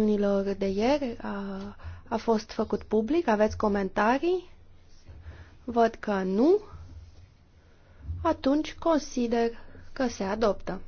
Unilor de ieri a, a fost făcut public. Aveți comentarii? Văd că nu. Atunci consider că se adoptă.